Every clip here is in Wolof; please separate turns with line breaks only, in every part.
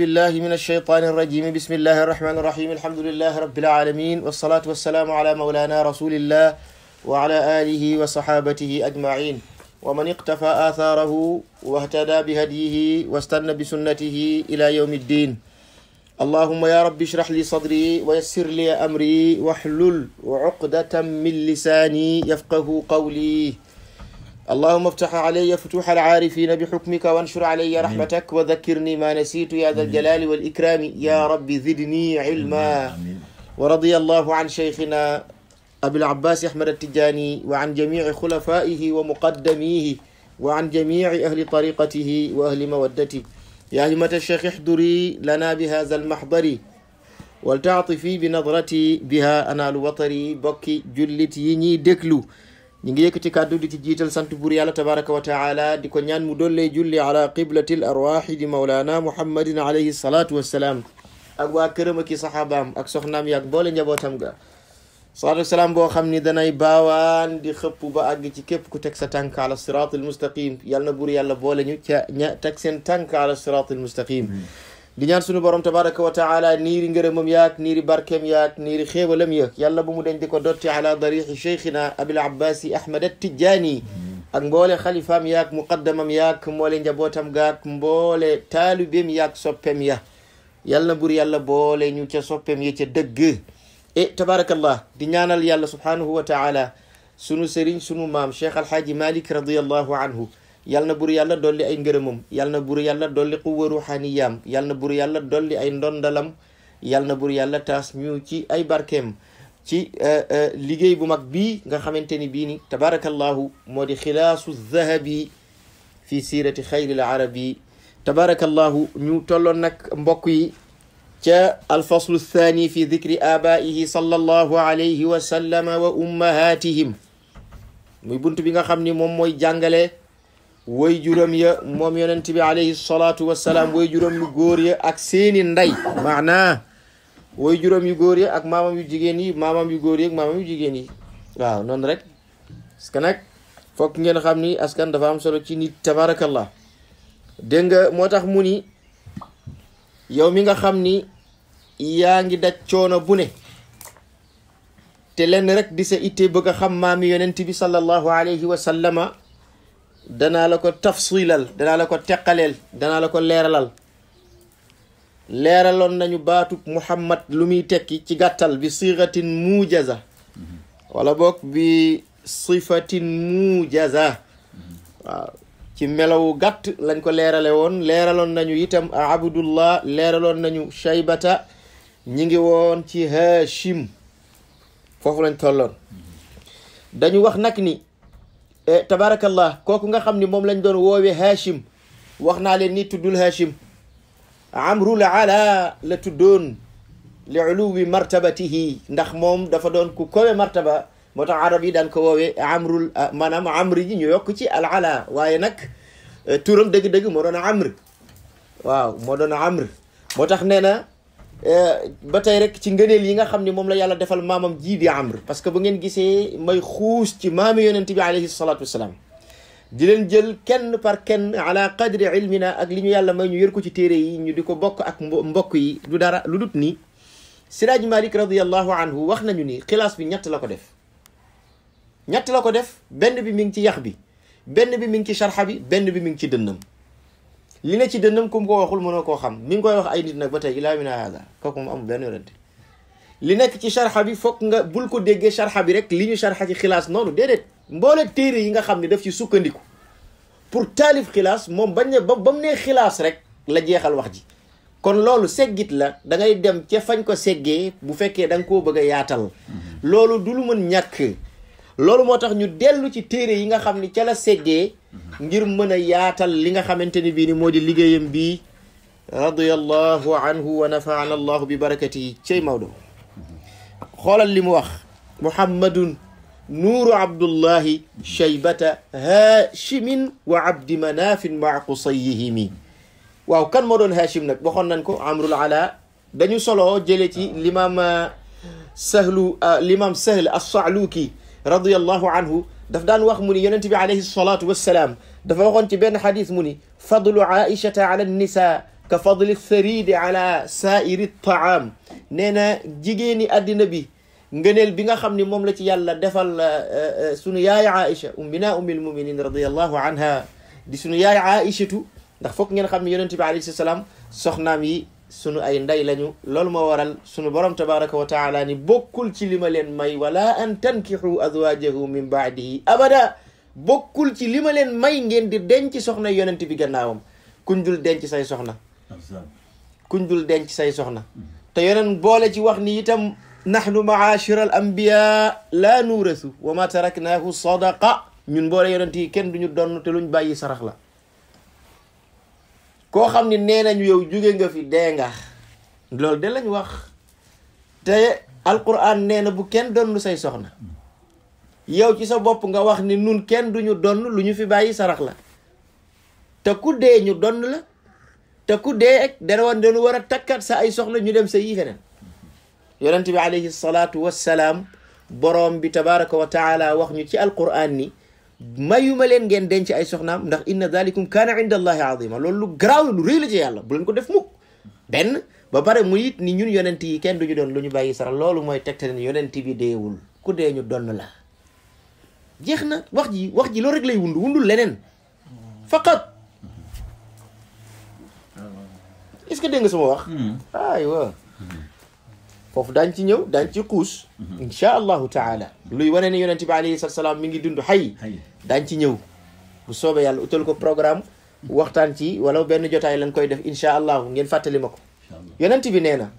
بالله من الشيطان الرجيم بسم الله الرحمن الرحيم الحمد لله رب العالمين والصلاة والسلام على مولانا رسول الله وعلى آله وصحابته أجمعين ومن اقتفى آثاره واهتدى بهديه واستنى بسنته إلى يوم الدين اللهم يا رب اشرح لي صدري ويسر لي أمري واحلل عقدة من لساني يفقه قولي اللهم افتح علي فتوح العارفين بحكمك وانشر علي رحمتك وذكرني ما نسيت يا ذا الجلال والإكرام يا رب زدني علما ورضي الله عن شيخنا أبي العباس أحمد التجاني وعن جميع خلفائه ومقدميه وعن جميع أهل طريقته وأهل مودته يا همة الشيخ احضري لنا بهذا المحضر ولتعطفي بنظرتي بها أنا الوطري بكي جلت يني دكلو ñi ngi yëkkati kàddu di ci jiital sant buur yàlla tabaraka wa taala di ko ñaan mu dollee julli ala qiblati l arwaxi di maulana muhammadin alayhi salaatu wassalaam ak waa këram aki saxaabaam ak soxnaam yaag boole njabootam ga salaatu wassalaam boo xam ni danay baawaan di xëpp ba àgg ci képp ku teg sa tànk ala siraat al yàlla buur yàlla boole ñu ca ña teg seen tànk ala siraat al mustaqim di ñaan suñu borom tabaraka wa taala niiri ngërëmam yaak niiri barkeem yaak niiri xéewalam yaak yàlla bu mu deñ di ko dotti ala darixi cheikhina abil abbasi ahmad tijani ak mboole xalifaam yaak muqaddamam yaak mboole njabootam gaak mboole taalibeem yaak soppeem ya yàlla na bur yàlla boole ñu ca soppeem ya ca dëgg e tabarakallah di ñaanal yàlla subhanahu wa taala sunu sëriñ sunu maam cheikh alhaaji malik radiallahu anhu yal na buur yàlla dolli ay ngërëmam yal na buur yàlla dolli quwwa ruuxaaniyaam yal na buur yàlla dolli ay ndondalam yal na buur yàlla taas ñu ci ay barkeem ci eh, eh, liggéey bu mag bii nga xamante ni bii ni tabaarakallahu moo di xilaasu zahabi fi siirati xayril arabi tabaarakallahu ñu tolloon nag mbokk yi ca alfaslu thani fi dikri abaihi sallallahu alayhi wa sallama wa ummahatihim muy bunt bi nga xam ni moom mooy jàngale way juróom ya moom yonent bi alayhi salaatu wassalaam way juróom yu góor ya ak seeni ndey maanaa way juróom yu góor ya ak maamam yu jigéen yi maamam yu góor yi ak maamam yu jigéen yi waaw noonu rek parce que nag fokk ngeen xam ni askan dafa am solo ci nit tabarakallah dégg nga moo tax mu ni yow mi nga xam ni yaa ngi daj coono bu ne te lenn rek di sa ittee bëgg a xam maami yonent bi sallallahu alayhi wa sallama danaa la ko tafsilal danaa la ko teqaleel danaa la ko leeralal leeraloon nañu baatub muhammad lu muy tekki ci gàttal bi siratin mujaza mhm. wala bok bi sifatin mujaza waaw ci melawu gàtt lañ ko leerale woon leeraloon nañu itam abdullah leeraloon nañu shaybata ñi ngi woon ci hashim foofu lañ tolloon mhm. dañu wax nag ni tabarakallah kooku nga xam ni moom lañ doon woowee Hachim wax naa leen ni tuddul Hachim amrul ala la tuddoon li uluwi martabatihi ndax moom dafa doon ku kowe martaba moo tax arab yi ko woowee amrul maanaam amri ji ñu yokk ci al ala waaye nag turam dëgg-dëgg moo doon amr waaw moo doon amr moo tax ba tey rek ci ngëneel yi nga xam ne moom la yàlla defal maamam jii di amr parce que bu ngeen gisee may xuus ci maami yonent bi alayhi salatu wasalaam di leen jël kenn par kenn ala qadri ilmina ak li ñu yàlla may ñu yër ko ci téere yi ñu di ko bokk ak mbokk yi du dara lu dut ni siraj malik radiallahu anhu wax nañu ni xilaas bi ñett la ko def ñett la ko def benn bi mi ngi ci yax bi benn bi mi ngi ci sharxa bi benn bi mi ngi ci dënnam li ne ci dënnam ku mu ko waxul mënoo koo xam mi ngi koy wax ay nit nag tey ilaa mina haada kooku moom amul benn rëdd li nekk ci sharxa bi foog nga bul ko déggee sharxa bi rek li ñu sharxa ci xilaas noonu déedéet mboole téere yi nga xam ne daf ci sukkandiku pour taalif xilaas moom bañ ne ba ba mu ne xilaas rek la jeexal wax ji kon loolu seggit la da ngay dem ca fañ ko seggee bu fekkee da nga koo bëgg a yaatal mm-hmm. loolu du lu mën ñàkk loolu moo tax ñu dellu ci téere yi nga xam ni ca la seggee ngir mëna yaatal li nga xamanteni bi ni moo di liggéeyam bi radiallahu anhu wa nafana allahu bi barakati cey mawdo xoolal li wax muhammadun نور عبد الله شيبة هاشم وعبد مناف مع قصيهم واو كان مودون هاشم نك بخون نانكو عمرو العلاء دانيو سولو جليتي الامام سهل الامام سهل الصعلوكي رضي الله عنه داف دان واخ موني يونتبي عليه الصلاه والسلام داف واخون تي بن حديث موني فضل عائشه على النساء كفضل الثريد على سائر الطعام نينا جيجيني ادنا بي نغنيل بيغا خامني موم لا يالا ديفال سونو عائشه امنا ام المؤمنين رضي الله عنها دي سونو عائشه تو داف فوك نين خامني يونتبي عليه الصلاه والسلام سخنامي sunu ay ndey lañu loolu moo waral sunu borom tabaraka wa taala ni bokkul ci li ma leen may wala an tankixu azwajahu min baadihi abada bokkul ci li ma leen may ngeen di denc soxna yonent bi gannaawam kuñ dul denc say soxna kuñ dul denc say soxna te yonent boole ci wax ni itam nahnu maachira al ambiya laa nuurasu wa ma taraknaahu sadaqa ñun boole yonent yi kenn duñu donn te luñ bàyyi sarax la koo xam ni nee nañu yow juge nga fi dee nga loolu de lañ wax te alquran neena na bu kenn donn say soxna yow ci sa bopp nga wax ni nun kenn duñu donn lu ñu fi bàyyi sarax la te ku dee ñu donn la te ku dee ek dana woon dañu war a takkat sa ay soxla ñu dem sa yi feneen yonent bi alayhi salaatu wassalaam borom bi tabaraka wa taala wax ñu ci alquran ni mayuma leen ngeen denc ay soxnaam ndax inna dalikum kaana inda allahi azima loolu lu garaaw lu rëy la ci yàlla bu ko def benn ba pare mu it ni ñun yonent yi kenn duñu doon lu ñu bàyyi sara loolu mooy tegte ne yonent bi deewul ku dee ñu donn la jeex na wax ji wax ji loolu rek lay wundu wundul leneen faqat est-ce que dégg nga sama wax hmm. aywa hmm. foofu dañ ci ñëw dañ ci xuus insha allahu taala luy wane ne yonente bi alayhi salatu salaam mi ngi dund xay dañ ci ñëw bu soobe yàlla utal ko programme waxtaan ci wala benn jotaay lañ koy def insha allahu ngeen fàttali ma ko yonente bi nee na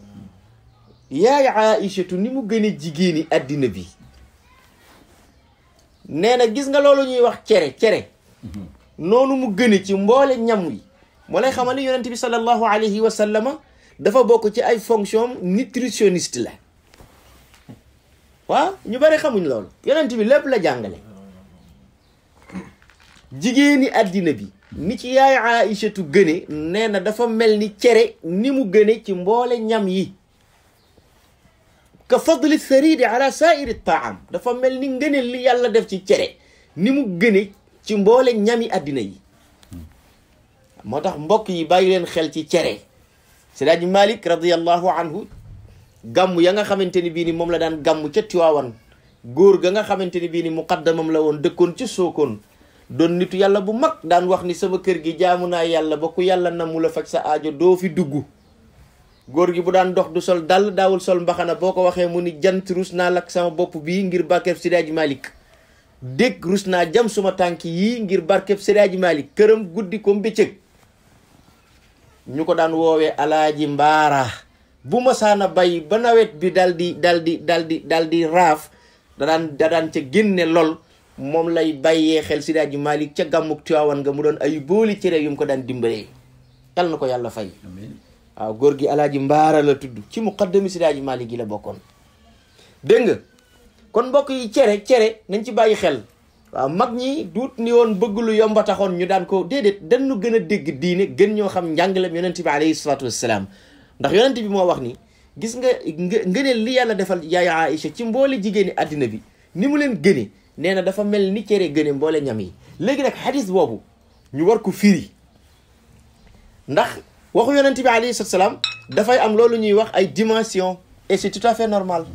yaay aïchatu ni mu gën a jigéeni addina bi nee na gis nga loolu ñuy wax cere cere noonu mu gëne ci mboole ñam yi moo lay xamal ni yonente bi sallallahu alayhi wa sallama dafa bokk ci ay fonction nutritionniste la waa ñu bari xamuñ loolu yonent bi lépp la jàngale jigéeni àddina bi ni ci yaay Aïchatu gëne nee na dafa mel ni cere ni mu gëne ci mboole ñam yi ka fadli saridi ala sairi taam dafa mel ni ngëne li yàlla def ci cere ni mu gëne ci mboole ñami àddina yi moo tax mbokk yi bàyyi leen xel ci cere Seydi Malick radiyallahu anhu gàmm ya nga xamante ni bii ni moom la daan gàmm ca Tiwaawan góor ga nga xamante ni bii ni muqaddamam la woon dëkkoon ci Sokone doon nitu yàlla bu mag daan wax ni sama kër gi jaamu naa yàlla ba ku yàlla na mu la faj sa aajo doo fi dugg góor gi bu daan dox du sol dal daawul sol mbaxana boo ko waxee mu ni jant rus naa lakk sama bopp bii ngir barkeb Seydi Hadji Malick dégg rus naa jam suma tànk yii ngir barkeb Seydi Hadji Malick këram guddi ko mbéccëg ñu ko daan woowee alaaji mbaara bu masaana bay ba nawet bi dal di daldi di dal di raaf dadaan daan ca génne lool moom lay bayyee xel si daaji Malick ca gàmmuk Tiwaawan nga mu doon ay booli cere yu mu ko daan dimbalee tal na ko yàlla fay waaw góor gi alaaji mbaara la tudd ci muqaddami si daaji Malick gi la bokkoon dégg nga kon mbokk yi cere cere nañ ci bàyyi xel waaw mag ñi duut ni woon bëgg lu yomba taxoon ñu daan ko déedéet dañu gën a dégg diine gën ñoo xam njàngalem yonent bi alayhi salaatu wassalaam ndax yonent bi moo wax ni gis nga ngëneel li yàlla defal yaay Aïcha ci mboole jigéeni àddina bi ni mu leen gëne nee na dafa mel ni cere gëne mboole ñam yi léegi nag xadis boobu ñu war ko firi ndax waxu yonent bi alayhi salaatu wassalaam dafay am loolu ñuy wax ay dimension et c'est tout à fait normal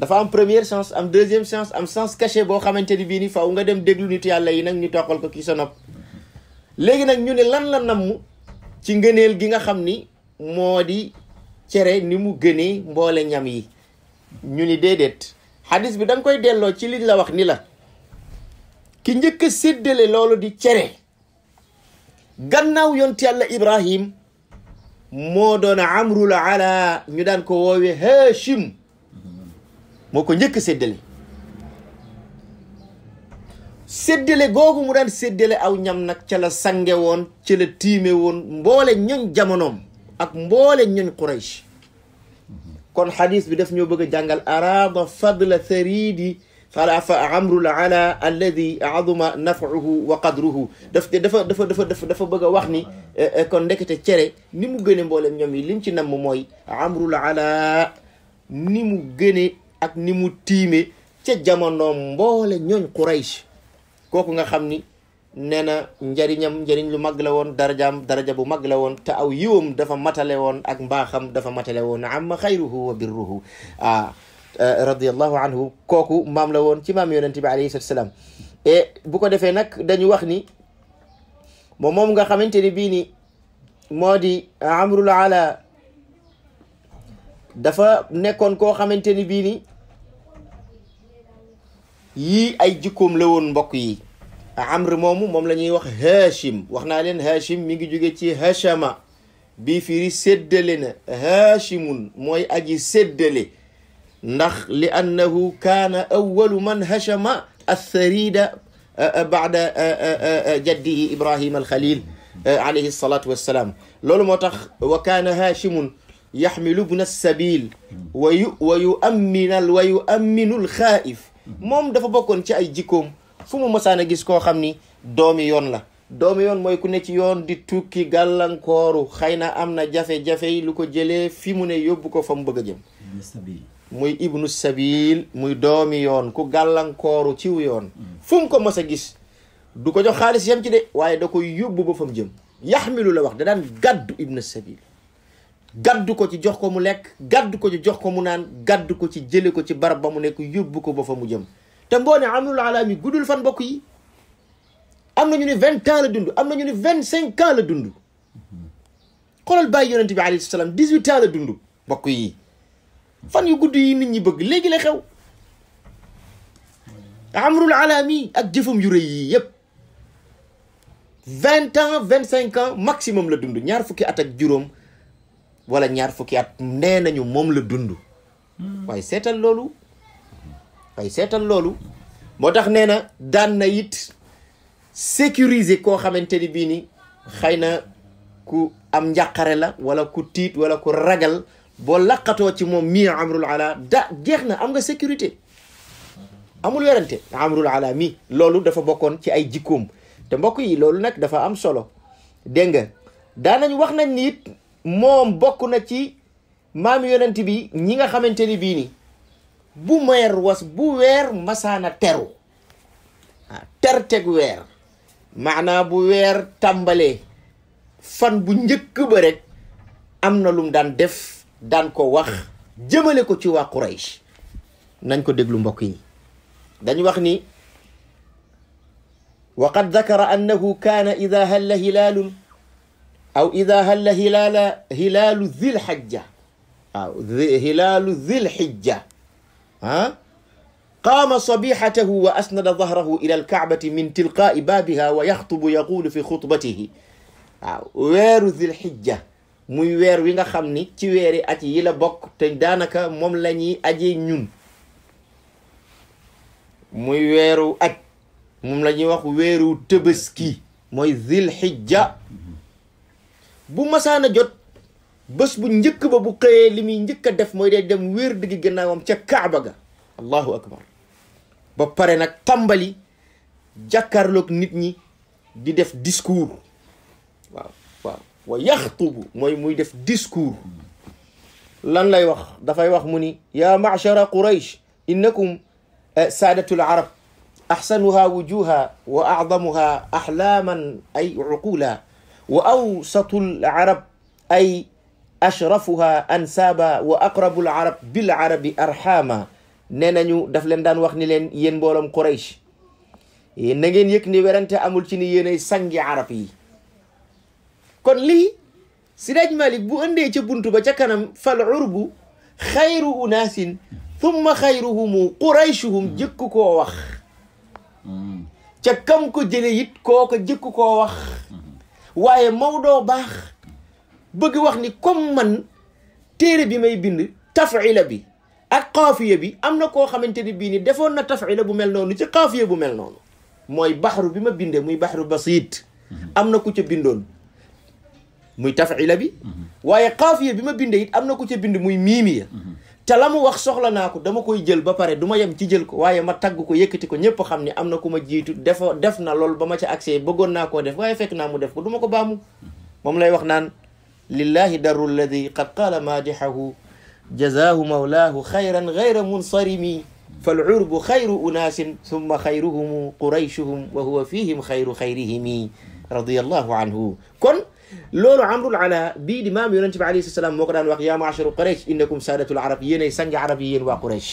dafa am première chance am deuxième chance am chance cachée boo xamante ni bii ni faaw nga dem déglu nit yàlla yi nag ñu toqal ko kii sa nopp léegi nag ñu ne lan la namm ci ngëneel gi nga xam ni moo di cere ni mu gënee mboole ñam yi ñu ni déedéet xadis bi da koy delloo ci liñ la wax ni la ki njëkk a séddale loolu di cere gannaaw yoon ti yàlla ibrahim moo doon amrul ala ñu daan ko woowe hashim moo ko njëkk séddale séddale googu mu daan séddale aw ñam nag ca la sange woon ca la tiime woon mboole ñoñ jamonoom ak mboole ñoñ Quraysh kon xadis bi def ñoo bëgg a jàngal araada fadla tharidi fala fa amrul ala alladi aduma wa qadruhu daf dafa dafa dafa bëgg a wax ni eh, eh, kon ndekete cere ni mu gëne mboolem ñoom yi lim ci namm mooy amrul ala ni mu gëne ak ni mu tiime ca jamono mboole ñooñ Quraysh kooku nga xam ni nee na njariñam njariñ lu mag la woon darajaam daraja bu mag la woon te aw yiwam dafa matale woon ak mbaaxam dafa matale woon amma xayruhu wa birruhu ah eh, radiallahu anhu kooku maam la woon ci maam yonente bi alayhi salatu salaam et bu ko defee nag dañu wax ni moom nga xamante ni bii ni moo di amrul ala dafa nekkoon yi ay jikkoom la woon mbokk yi amr moomu moom la ñuy wax hashim wax naa leen hachim mi ngi jóge ci hashama bi firi séddale na hachimun mooy aji séddale ndax li annahu kaana awalu man hashama atharida baada jaddihi ibrahima alxalil alayhi alsalatu wassalaam loolu moo tax wa kaana hachimun yaxmilu bna sabil wa yu wa yuamminal wa yuamminu alxaaif moom dafa bokkoon ci ay jikkoom fu mu mosaan a gis koo xam ni doomi yoon la doomi yoon mooy ku ne ci yoon di tukki gàllankooru xëy na am na jafe-jafe yi lu ko jëlee fi mu ne yóbbu ko fa mu bëgg a jëm muy ibnu sabil muy doomi yoon ku gàllankooru ciw yoon fu ko mos a gis du ko jox xaalis yam ci de waaye da koy yóbbu ba fa mu jëm yaxmilu la wax da daan gàddu ibnu sabil gàddu ko ci jox ko mu lekk gàddu ko ci jox ko mu naan gàddu ko ci jële ko ci barab ba mu nekk yóbbu ko ba fa mu jëm te mboone amul ala mi guddul fan mbokk yi am nañu ni vingt ans dund am nañu ni vingt cinq ans la dund xoolal bàyyi yonente bi alayhi salaam dix huit ans la dund mbokk yi fan yu gudd yi nit ñi bëgg léegi la xew amrul alaami ak jëfam yu rëy yii yëpp vingt ans vingt cinq ans maximum la dund ñaar fukki at ak juróom wala ñaar fukki at nee nañu moom la dund waaye seetal loolu waaye seetal loolu moo tax nee na daan na it sécuriser koo xamante ni bii ni xëy na ku am njaqare la wala ku tiit wala ku ragal boo laqatoo ci moom mii amrul ala da jeex na am nga sécurité amul werante amrul ala mii loolu dafa bokkoon ci ay jikkoom te mbokk yi loolu nag dafa am solo dégg nga daanañ wax nañ ni it moom bokk na ci maam yonent bi ñi nga xamante ni bii ni bu meer was bu weer masaana teru ah ter teg weer maanaa bu weer tàmbalee fan bu njëkk ba rek am na lum daan def daan ko wax jëmale ko ci waa Quraysh nañ ko déglu mbokk yi dañ wax ni wa qad dakara annahu kaana ida halla hilaalun أو إذا هل هلال هلال ذي الحجة أو ذي هلال ذي الحجة ها قام صبيحته وأسند ظهره إلى الكعبة من تلقاء بابها ويخطب يقول في خطبته weeru zil xijja muy weer wi nga xam ni ci weeri aj yi la bokk te daanaka moom la ñuy ajee ñun muy weeru aj moom la ñuy wax weeru tëbaski mooy zil xijja bu masaana jot bés bu njëkk ba bu xeye limi muy def moy day dem wër dig gënaawam ca kaaba ga allahu akbar ba pare nak tàmbali jakarlok nit ñi di def discours waaw waaw wa yaxtubu moy muy def discours lan lay wax da fay wax muni ya ma'shara quraish innakum saadatu al arab ahsanuha wujuha wa a'dhamuha ahlaman ay uqula واوسط العرب اي اشرفها انسابا واقرب العرب بالعرب ارحاما نانيو داف لين دان واخ ني لين يين بولم قريش نغين يك ني ورانتي امول سي ني يني سانغي عربي كون لي سيراج مالك بو اندي تي بونتو با تي كانم فالعرب خير اناس ثم خيرهم قريشهم جيكو كو واخ تي كم كو جيلي يت كوكو جيكو كو واخ waaye Maodo baax bëgg wax ni comme man téere bi may bind tafila bi ak qafiya bi am na koo xamante ni bii ni defoon na tafila bu mel noonu ci qafiya bu mel noonu mooy baxaru bi ma bindee muy baxaru basiit am na ku ca bindoon muy tafila bi waaye qafiya bi ma bindee it am na ku ca bind muy miimiya te la mu wax soxla naa ko dama koy jël ba pare du ma yem ci jël ko waaye ma tagg ko yëkkati ko ñëpp xam ni am na ku ma jiitu defa def na loolu ba ma ca accès bëggoon naa koo def waaye fekk naa mu def ko du ma ko baamu moom lay wax naan lillahi daru alladi qad qaala maadixahu jazaahu mawlaahu xayran gayra munsarimi falurbu xayru unaasin summa xayruhumu quraychuhum wa huwa fihim xayru xayrihimi radiallahu anhu kon loolu amrul ala bii di maam yonente bi alayhi salaam moo ko daan wax yaa maacharu quraish innakum saadatul arab yéenay sangi arab yi yéen waa quraish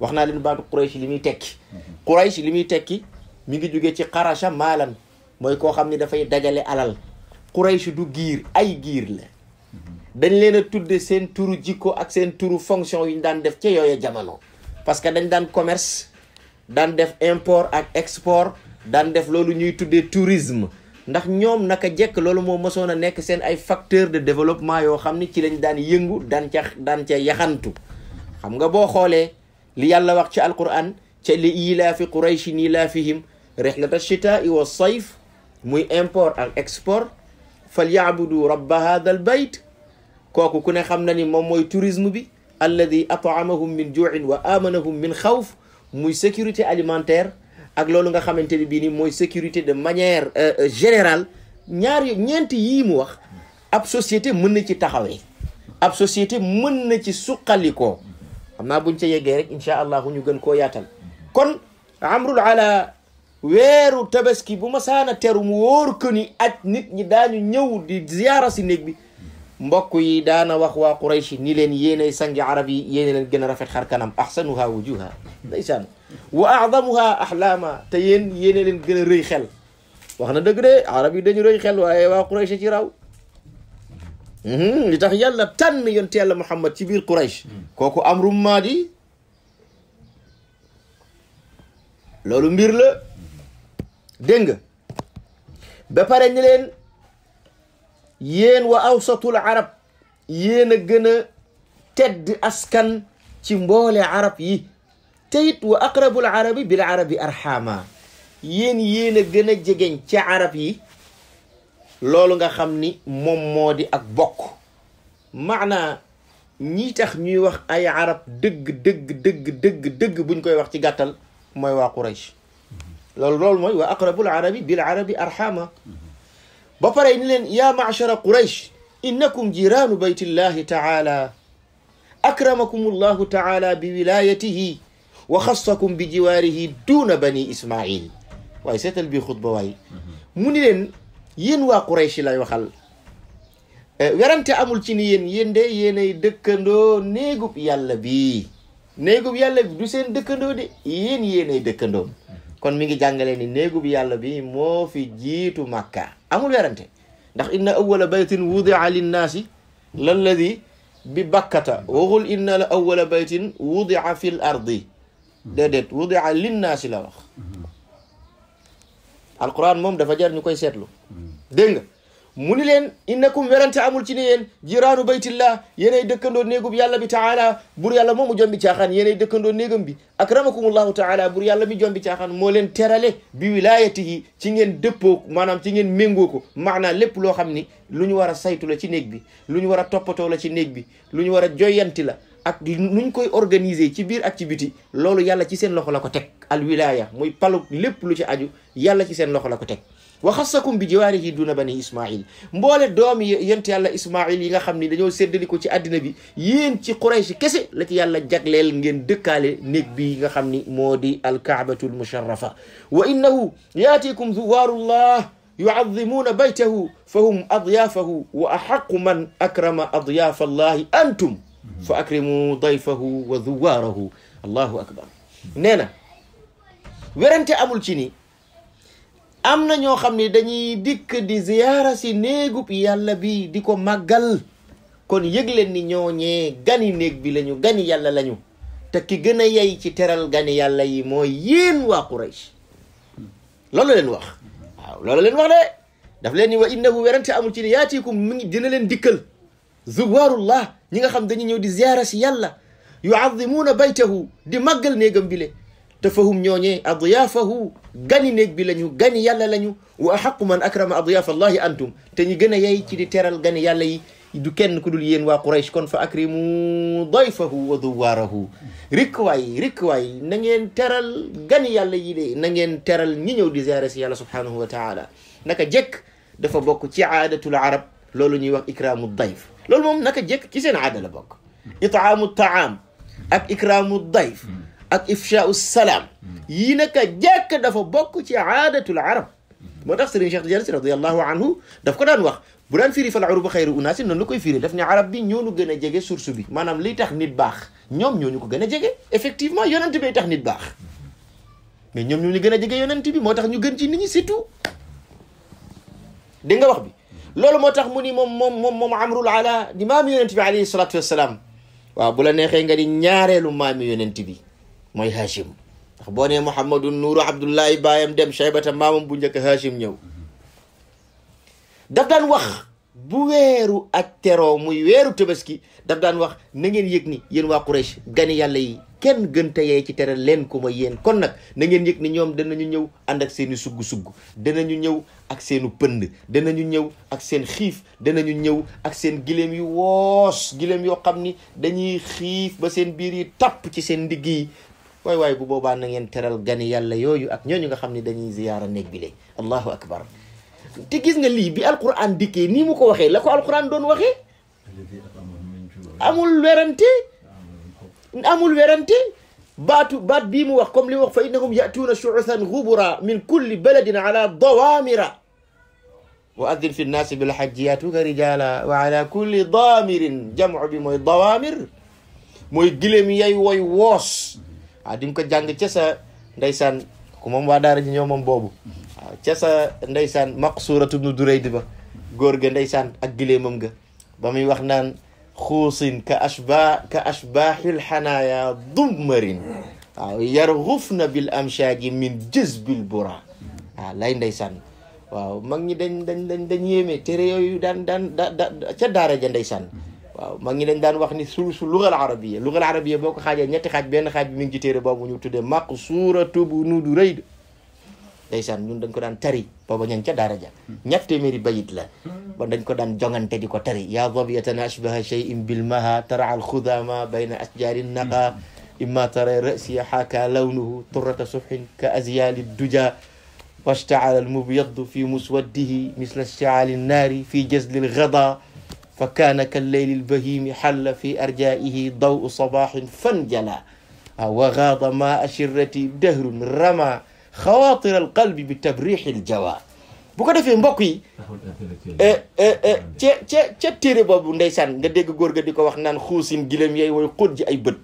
wax naa leen baatu quraish li muy tekki quraish li muy tekki mi ngi juge ci xaracha maalan mooy koo xam ne dafay dajale alal quraish du giir ay giir la dañ leen a tudde seen turu jikko ak seen turu fonction yu ñu daan def ca yooya jamono parce que dañ daan commerce daan def import ak export daan def loolu ñuy tuddee tourisme ndax ñoom naka jekk loolu moo mosoon a nekk seen ay facteur de développement yoo xam ni ci lañ daan yëngu daan ca daan ca xam nga boo xoolee li yàlla wax ci alquran ca li ilaafi qurayshin ilaafihim rihlata chitaa wa sayf muy import ak export falyabudu rabba hada al kooku ku ne xam na ni moom mooy tourisme bi alladi ataamahum min juin wa amanahum min xawf muy sécurité alimentaire ak loolu nga xamante ni bii nii mooy sécurité de manière euh, euh, générale ñaar yu ñeenti yii mu wax ab société mën na ci taxawee ab société mën na ci suqalikoo xam naa buñ ca yeggee rek allah allahu ñu gën koo yaatal kon amrul ala weeru tabaski bu ma saana teru mu woor ko ni aj nit ñi daañu ñëw di ziyaara si néeg bi mbokk yi daana wax waa Quraysh ni leen yéenay sangi arab yi yéene leen gën a rafet xar kanam ahsanuha wujuha ndeysaan واعظمها احلاما تين يين لين غن إيه؟ ري خيل واخنا دغ دي عربي دني ري خيل واي وا قريش تي راو اهم لي تخ يالا تان يونت يالا محمد تي بير قريش كوكو امر مادي لولو مير لا دنگ با باري ني لين يين واوسط العرب يين teyit wa aqrabul arabi bil arabi arhama yéen yéen a gën a jegeñ ci arab yi nga xam ni moom ak bokk maanaa ñi tax ñuy wax ay arab dëgg dëgg dëgg dëgg dëgg buñ koy wax ci gàttal mooy waa Quraysh loolu loolu mooy wa aqrabul arabi bil arabi arhama ba pare ni leen yaa ma'shara Quraysh innakum jiraanu baytillahi taala akramakumullahu taala biwilayatihi وخصكم بجواره دون بني إسماعيل waaye seetal bii xutba waaye mu ni leen yéen waa Quraysh lay waxal werante amul ci ni yéen yéen de yéenay dëkkandoo néegub yàlla bi néegub yàlla bi du seen dëkkandoo de yéen yéenay dëkkandoo kon mi ngi jàngale ni néegub yàlla bi moo fi jiitu Makka amul werante ndax inna awwala baytin wudia linnaasi lalladi bi bakkata waxul inna la awwala baytin wudia fi l ardi déedéet wudia linnaasi la wax alquran moom dafa jar ñu koy seetlu dégg mu ni leen innakum werante amul ci ne yéen jiraanu baytillah yéenay dëkkandoo néegub yàlla bi taala bur yàlla moomu jombi caaxaan yéenay dëkkandoo néegam bi akramakumullahu taala bur yàlla mi jombi caaxaan moo leen terale bi wilayatihi ci ngeen dëppoo maanaam ci ngeen méngoo ko maanaam lépp loo xam ni lu ñu war a saytu la ci néeg bi lu ñu war a toppatoo la ci néeg bi lu ñu war a joyanti la ak nuñ koy organiser ci biir activité loolu yàlla ci seen loxo la ko teg al wilaya muy palu lépp lu ci aju yàlla ci seen loxo la ko teg wa xassakum bi jiwaarihi duna bani ismail mboole doomi yent yàlla ismail yi nga xam ni dañoo séddali ko ci àddina bi yéen ci quraysh kese la ci yàlla jagleel ngeen dëkkaale néeg bi nga xam ni moo di al almusharrafa wa innahu yaatikum zuwaarullah يعظمون بيته فهم أضيافه وأحق من أكرم أضياف الله أنتم fa akrimu dayfahu wa zuwaarahu allahu akbar nee na werante amul ci ni am na ñoo xam ne dañuy dikk di ziyaara si néegub yàlla bi di ko màggal kon yëg leen ni ñooñee gani néeg bi lañu gani yàlla lañu te ki gën a yey ci teral gani yàlla yi mooy yéen waa Quraysh loolu leen wax waaw loolu leen wax de daf leen ni wa innahu werante amul ci ni yaatiikum mi ngi dina leen dikkal zuwaarullah ñi nga xam dañu ñëw di ziyaara si yàlla yuazimuuna baytahu di màggal néegam bile te fahum ñooñee adyaafahu gani néeg bi lañu gani yàlla lañu wa axaqu man akrama adyaaf allahi antum te ñu gën a yey ci di teral gani yàlla yi du kenn ku dul yéen waa Quraysh kon fa akrimu dayfahu wa duwaarahu rikk waay rikk waay na ngeen teral gani yàlla yi na ngeen teral ñi ñëw di ziyaara si yàlla subhanahu wa taala naka jekk dafa bokk ci aadatul arab loolu ñuy wax ikraamu dayf لول موم نكا جيك كي سين عادة لبوك إطعام الطعام أك إكرام الضيف أك إفشاء السلام ينكا جيك دفو بوك تي عادة العرب ما تفسر إن شيخ جالسي رضي الله عنه دفك دان وخ بران فيري فالعرب خير أناس إنه نكوي فيري دفني عرب بي نيونو جينا جيكي سورسو بي ما نام لي تخنيت باخ نيوم نيونو كو جينا جيكي إفكتيف ما يونان تبي تخنيت باخ مي نيوم نيونو جينا جيكي يونان تبي ما تخنيو جينا جيني سيتو دينغا وخ بي lolu motax muni mom mom mom mom moom amrul ala di mam yonent bi alayhi salatu wassalam wa bu la nexe nga di ñaarelu mam yonent bi mooy hachim ndax boo nee mouhamadou nuuru abdullahi baayam dem shaybata maamam bu ñeuk hashim ñëw daf dan wax bu weeru ak teroo muy weeru tabaski daf daan wax na ngeen yëg ni yéen waa Quraysh gani yàlla yi kenn gën te ci tere leen ko ma yéen kon nag na ngeen yëg ni ñoom danañu ñëw ànd ak seeni i suggu sugg danañu ñëw ak seenu pënd danañu ñëw ak seen xiif danañu ñëw ak seen gileem yu woos gileem yoo xam ni dañuy xiif ba seen biir yi tapp ci seen ndigg yi waay waaye bu boobaa na ngeen teral gani yàlla yooyu ak ñooñu nga xam ne dañuy ziyaara néeg bi té gis nga li bi alquran diké ni mu ko waxé lako alquran doon waxé amul wéranté amul wéranté باتو بات بيم وخكم لي وخ فانهم ياتون شعثا غبرا من كل بلد على ضوامر واذن في الناس بالحج ياتوك رجالا وعلى كل ضامر جمع بموي ضوامر موي غليم ياي واي ووس ادم كو جانغ تي kooku moom waa daara ji ñoo moom boobu ca sa ndeysaan maqsuratu bnu Durayd ba góor ga ndeysaan ak gileemam ga ba muy wax naan xuusin ka ashba ka ashbaahil xanaaya dummarin waaw yargufna bil amshaaji min jëzbil bura waaw lay ndeysaan waaw mag ñi dañ dañ dañ dañ yéeme tere yooyu daan ca daara ja ndeysaan waaw ma ngi leen daan wax ni sul su lugal arabia lugal arabia boo ko xaajee ñetti xaaj benn xaaj bi mi ngi ci téere boobu ñu tuddee maq bu nuudu rëyd ndeysaan ñun dañ ko daan tari booba ñan ca dara ja ñett téeméeri bayit la ba dañ ko daan jongante di ko tari ya dabiyatan ashbaha bil maha tara al khudama bayna asjari naqa imma tara rasi haka lawnuhu turrata subhin ka azyali duja fi muswaddihi misla مسوده an اشتعال fi في al الغضا فكان كالليل البهيم حل في أرجائه ضوء صباح فنجلا وغاض ماء شرة دهر رمى خواطر القلب بتبريح الجوى بكده في مبكي إيه، إيه، إيه، تيري بابو نيسان ندق غور غديكو وخنا نخوسين جلم يي وي قد اي بت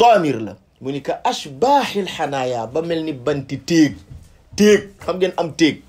دانيو mu ni ka xanaa yaa ba mel ni banti téeg téeg xam ngeen am téeg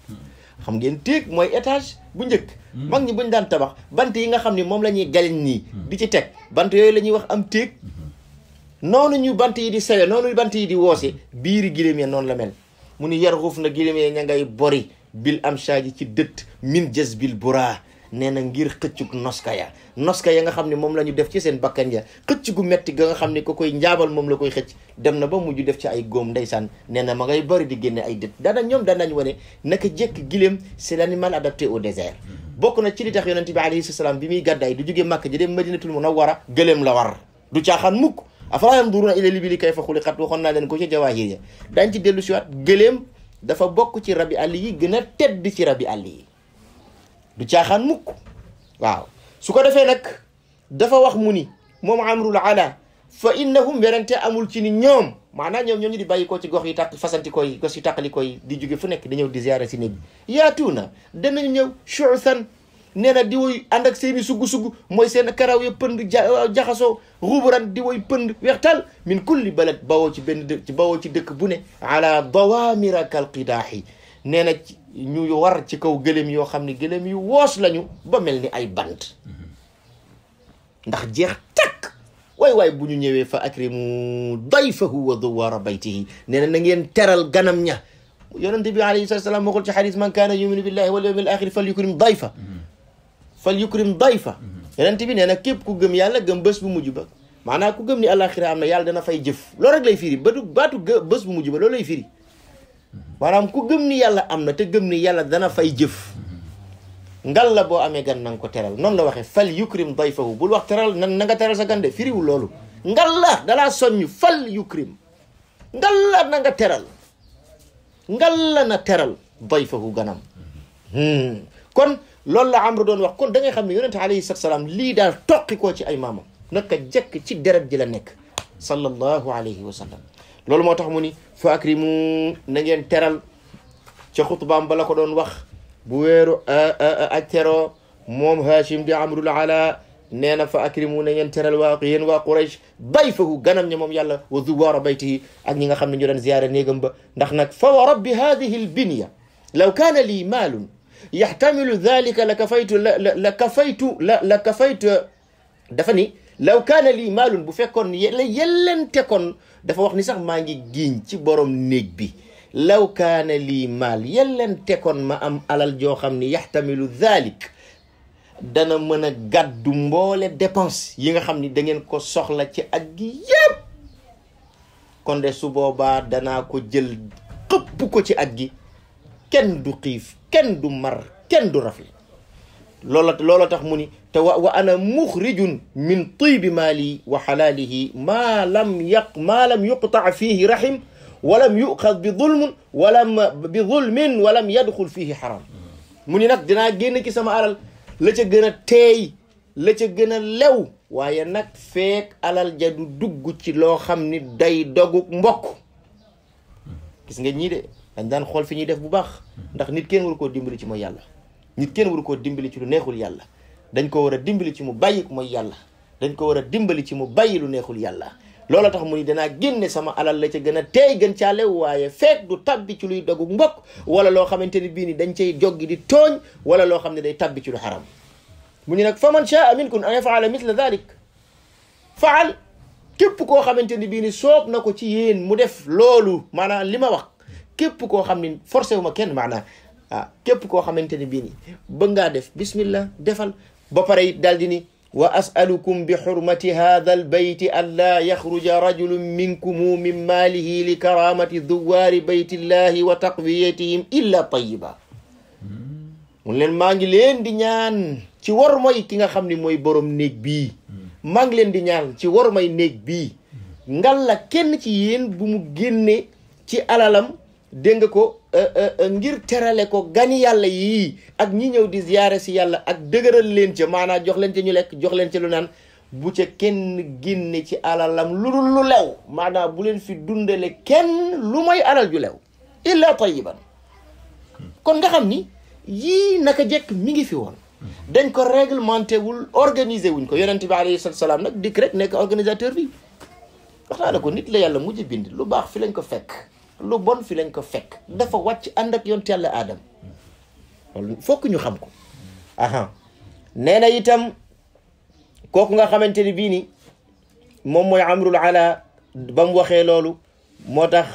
xam ngeen téeg mooy étage bu njëkk hmm. mag ñi buñ daan tabax bant yi nga xam ni moom la ñuy galiñ nii hmm. di ci teg bant yooyu la ñuy wax am téeg hmm. noonu ñu bant yi di sewe noonu bant yi di woose biiri giléem ya noonu la mel mu ni yar xuuf na giléem ya ña ngay bori bil am saaji ci dëtt min jës bil buraa nee na ngir xëccug noska ya noska ya nga xam ne moom la ñu def ci seen bakkan ya xëcc gu metti ga nga xam ne ko koy njaabal moom la koy xëcc dem na ba mujj def ci ay góom ndeysaan nee na ma ngay bëri di génne ay dët daana ñoom daanañ wane naka jekk giléem c'est l'animal adapté au désert bokk na ci li tax yonente bi alayhi salaam bi muy gàddaay du jóge màkk ji dem madinatul munawwara gëléem la war du caaxaan mukk afalaa yanduruuna ilal ibili kayfa xuliqat waxoon naa leen ko ci jawaahir ya daañ ci dellu siwaat gëléem dafa bokk ci rabi àll yi gën a tedd ci rabi àll yi du caaxaan mukk waaw su ko defee nag dafa wax mu ni moom amrul ala fa innahum werante amul ci ni ñoom maanaam ñoom ñoo ñu di bàyyi ko ci gox yi tàq fasanti koy gos yi tàqali koy di jóge fu nekk di ñëw di ziyaare si néeg bi yaatuuna danañu ñëw shuusan nee na di woy ànd ak seeni sugg-sugg mooy seen karaw ya pënd euh, jaxasoo ruuburan di woy pënd weextal min kulli balad bawoo ci benn dëkk ci bawoo ci dëkk bu ne ala dawaamira kal qidaaxi nee ñu war ci kaw gëléem yoo xam ne gëléem yu woos lañu ba mel ni ay bant ndax jeex takk waay waay bu ñu ñëwee fa akrimu dayfahu wa duwaara baytihi nee na na ngeen teral ganam ña yonente bi alayhi salatu salaam waxul ci xadis man kaana yuminu billahi wal yawmil axiri fal yukrim dayfa fal yukrim dayfa yonente bi nee na képp ku gëm yàlla gëm bés bu mujj ba maanaam ku gëm ni alaxira am na yàlla dana fay jëf loolu rek lay firi ba du baatu bés bu mujj ba loolu lay firi maanaam ku gëm ni yàlla am na te gëm ni yàlla dana fay jëf ngal la boo amee gan na nga ko teral noonu la waxee fal yukrim dayfahu bul wax teral na na nga sa gande firiwul loolu ngal la dalaa soññ fal yukrim ngal la na teral ngal la na teral dayfahu ganam hmm. kon loolu la amru doon wax kon da xam ne yonente alayhi salatu salaam lii daal toqi koo ci ay maamam naka jekk ci deret ji la nekk sallallahu alayhi wa loolu motax tax mu ni fa akrimu na ngeen teral ci khutbam bala ko don wax bu wero aj mom hashim di amrul ala nee fa akrimu na ngeen teral wa yéen wa quraish bayfahu ganam ni mom yàlla wa zuwar baytihi ak ñi nga xamni ñu doon ziyaare negam ba ndax nak fa wa rabbi al binya law kana li mal yahtamilu dhalika la lakafaytu la dafa ni law kaana lii maalun bu fekkoon la yellente kon dafa wax ni sax maa ngi giiñ ci borom néeg bi law kaana lii maal yellente kon ma am alal joo xam ni yaxtamilu dhalik dana mën a gàddu mboole dépense yi nga xam ni dangeen ko soxla ci aj gi yëpp kon de su boobaa danaa ko jël xëpp ko ci aj gi kenn du xiif kenn du mar kenn rafle لولا لولا تخمني تو وانا مخرج من طيب مالي وحلاله ما لم يق ما لم يقطع فيه رحم ولم يؤخذ بظلم ولم بظلم ولم يدخل فيه حرام مني نك دينا جين كي سما ارال لا تي غنا تاي لا تي غنا لو وايا نك فيك علال جا دوغو سي لو خامني داي دوغو مبوك كيس نغي ني دي دان خول في ني ديف بو باخ نيت كين ورو كو ديمبري سي مو يالله nit kenn waru koo dimbali ci lu neexul yàlla dañ ko war a dimbali ci mu bàyyi mooy yàlla dañ ko war a dimbali ci mu bàyyi lu neexul yàlla loola tax mu ni danaa génne sama alal la ca gën a teey gën caale waaye feek du tabbi ci luy dogu mbokk wala loo xamante ni bii ni dañ cay joggi di tooñ wala loo xam ne day tabbi ci lu xaram mu ni nag fa man shaa minkum an yafaala misla dalik faal képp koo xamante ni bii ni sook na ko ci yéen mu def loolu maanaam li ma wax képp koo xam ne forcé wu kenn maanaam ah képp koo xamante ni bii nii def bismillah defal ba pare it ni wa asalukum bi xurmati hada albayti an laa yaxruja rajulun minkumu min maalihi li karamati duwaari baytillahi illa tayiba mun leen maa ngi leen di ñaan ci war mooy ki nga xam ne mooy borom néeg bii maa leen di ñaan ci war néeg bii ngal kenn ci yéen bu mu génne ci alalam dégg nga ko euh, euh, euh, ngir terale ko gani yàlla yii ak ñi ñëw di ziyaare si yàlla ak dëgëral leen ca maanaam jox leen ca ñu lekk jox leen ca lu naan bu ca kenn génne ci alalam lu dul lu lew maanaam bu leen fi dundale kenn lu mooy alal ju lew illa tayiban kon nga xam ni yii naka jekk mi ngi fi woon dañ ko réglementé wul organisé wuñ ko yonente bi alayhi salatu salaam nag dikk rek nekk organisateur bi wax naa ko nit la yàlla mujj bind lu baax fi lañ ko fekk lu bon fi lañ ko fekk dafa wàcc ànd ak yonent yàlla aadama loolu fokk ñu xam ko aha nee na itam kooku nga xamante ni bii ni moom mooy amrul ala ba mu waxee loolu moo tax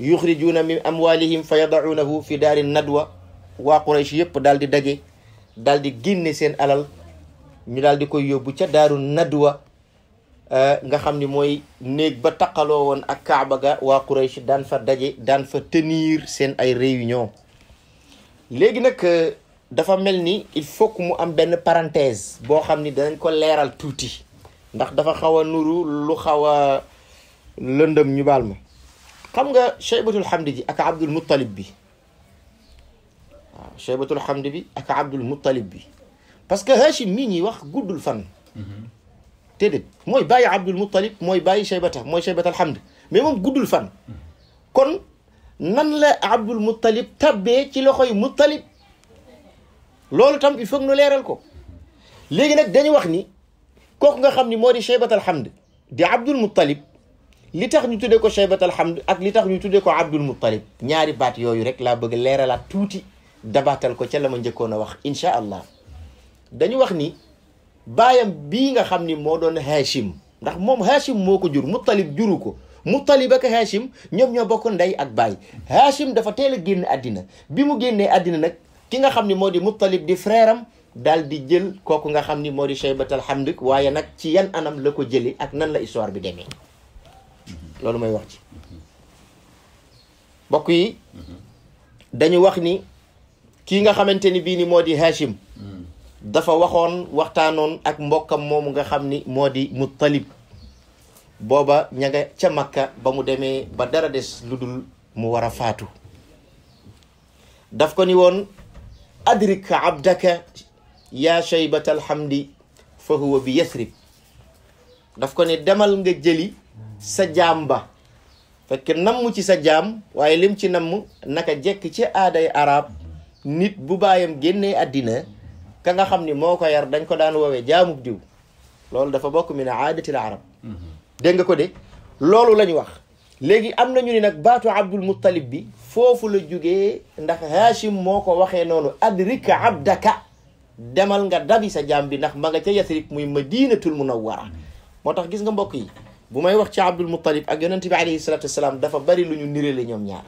yuxrijuuna min amwalihim fa yadacuunahu fi daari nadwa waa quraysh yëpp daal di daje daal di génne seen alal ñu daal di koy yóbbu ca daaru nadwa nga xam ni mooy néeg ba taqaloo woon ak Kaaba ga waa quraish daan fa daje daan fa tenir seen ay réunion léegi nag dafa mel ni il faut que mu am benn parenthèse boo xam ni danañ ko leeral tuuti ndax dafa xaw a nuru lu xaw a lëndëm ñu baal ma xam nga Cheybatul Hamdi ji ak Abdul Muttalib bi waaw Cheybatul Hamdi bi ak Abdul Muttalib bi parce que Hachim mii ñi wax guddul fan déedéet mooy bàyyi Abdul Muttalib mooy bàyyi Shaybata mooy Shaybatal Hamd mais moom guddul fan. kon nan la Abdul Muttalib tabbe ci loxoy Muttalib loolu tam il faut nu leeral ko léegi nag dañu wax ni kooku nga xam ni moo di Hamd di Abdul Muttalib li tax ñu tuddee ko Shaybatal Hamd ak li tax ñu tuddee ko Abdul Muttalib ñaari baat yooyu rek laa bëgg leeralaat tuuti dabaatal ko ca la ma njëkkoon a wax incha allah dañu wax ni. baayam bii nga xam ni moo doon Hachim ndax moom Hachim moo ko jur Muttalib juru ko Muttalib ak Hachim ñoom ñoo bokk ndey ak baay Hachim dafa teel a génn àddina bi mu génnee àddina nag ki nga xam ni moo di Muttalib di frère am daal di jël kooku nga xam ni moo di Shaybat al-Hamd waaye nag ci yan anam la ko jëli ak nan la histoire bi demee loolu mooy wax ci mbokk yi mhm. dañu wax ni kii nga xamante ni bii ni moo di Hachim dafa waxoon waxtaanoon ak mbokkam moomu nga xam ni moo di Muttalib booba ña ca Makka ba mu demee ba dara des lu dul mu war a faatu daf ko ni woon adrik abdaka yaa shaybat alhamdi fa huwa bi yasrib daf ko ni demal nga jëli sa jaam ba fekk namm ci sa jaam waaye lim ci namm naka jekk ci aaday arab nit bu baayam génnee àddina ka nga xam ni moo ko yar dañ ko daan woowee jaamub diw loolu dafa bokk min aadatil arab dégg nga ko de loolu la ñu wax léegi am nañu ni nag baatu abdul muttalib bi foofu la jugee ndax hashim moo ko waxee noonu adrik abdaka demal nga dabi sa jaam bi ndax ma nga ca yasrib muy madinatul munawwara moo tax gis nga mbokk yi bu may wax ci abdul muttalib ak yonente bi alayhi salatu wasalaam dafa bari lu ñu nirale ñoom ñaar